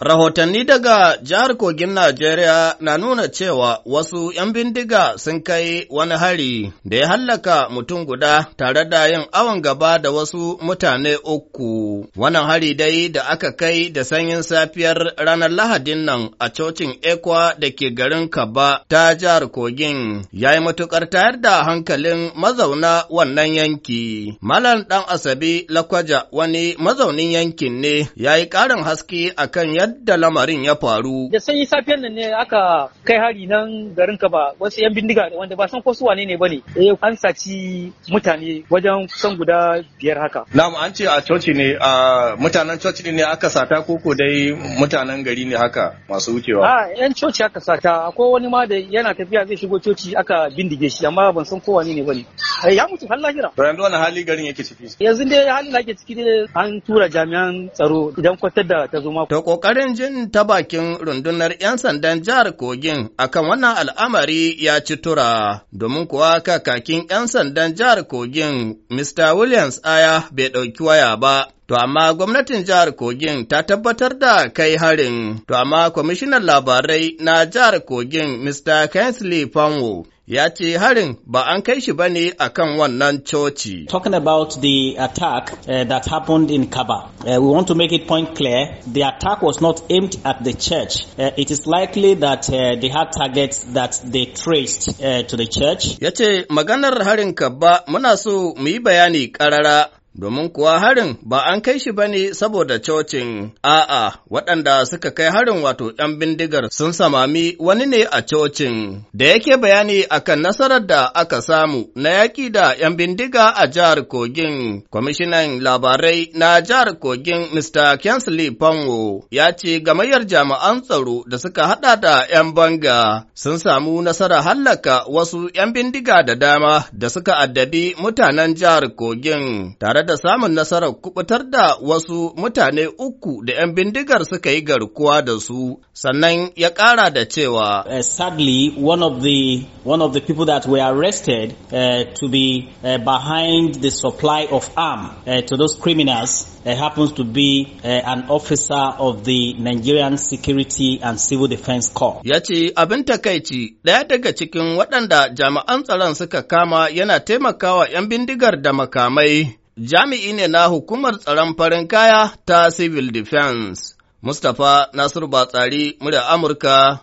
Rahotanni daga jihar Kogin Najeriya na nuna cewa wasu ‘yan bindiga sun kai wani hari da ya hallaka mutum guda tare da yin awon gaba da wasu mutane uku. Wannan hari dai da aka kai da sanyin safiyar ranar Lahadin nan a cocin Ekwa da ke garin Kaba ta jihar Kogin ya yi matuƙar tayar da hankalin mazauna wannan yanki. Malam ɗan Asabi Lakwaja wani mazaunin yankin ne ya yi ƙarin haske akan yadda lamarin ya faru. Da sanyi safiyar nan ne aka kai hari nan garin ka ba, wasu 'yan bindiga wanda ba san ko su wane ne ba ne. Eh, an saci mutane wajen kusan guda biyar haka. Na'am an ce a coci ne a mutanen coci ne aka sata koko dai mutanen gari ne haka masu wucewa. A 'yan coci aka sata akwai wani ma da yana tafiya zai shigo coci aka bindige shi amma ban san kowane ne ne. Eh, ya mutu har lahira. Ba yanzu wani hali garin yake ciki. Yanzu dai halin da ake ciki ne. an tura jami'an tsaro idan kwatar da ta zo ma. To Ƙoƙarin jin ta bakin rundunar ‘yan sandan jihar Kogin a kan wannan al'amari ya ci tura, domin kuwa kakakin ‘yan sandan jihar Kogin, Mr. Williams Aya bai ɗauki waya ba, To amma gwamnatin jihar Kogin ta tabbatar da kai harin, to amma kwamishinan labarai na jihar Kogin Mr. Kensley Fanwo ya ce harin ba an kai shi bane a kan wannan coci. Talking about the attack uh, that happened in Kaba, uh, we want to make it point clear, the attack was not aimed at the church. Uh, it is likely that uh, they had targets that they traced uh, to the church. Ya ce maganar harin Kaba muna so mu yi bayani karara domin kuwa harin ba an kai shi ba ne saboda cocin a'a waɗanda suka kai harin wato ‘yan bindigar sun samami wani ne a cocin da yake bayani akan nasarar da aka samu na yaƙi da ‘yan bindiga a jihar Kogin. Kwamishinan labarai na jihar Kogin Mr. Kensley Panwo ya ce gamayyar jami'an tsaro da suka haɗa da ‘yan banga sun samu nasarar hallaka wasu ‘yan bindiga da dama da suka addabi mutanen jihar Kogin tare da samun nasarar kubutar da wasu mutane uku da 'yan bindigar suka yi garkuwa da su, sannan ya ƙara da cewa. Uh, sadly, one of the one of the people that were arrested uh, to be uh, behind the supply of arm uh, to those criminals uh, happens to be uh, an officer of the Nigerian Security and Civil Defense Corps. Ya ce abin takaici ɗaya daga cikin waɗanda jami'an tsaron suka kama yana taimakawa 'yan bindigar da makamai jami'i ne na hukumar tsaron farin kaya ta Civil Defense, Mustapha Nasiru Batsari, murya Amurka,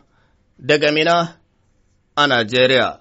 daga Mina a Najeriya.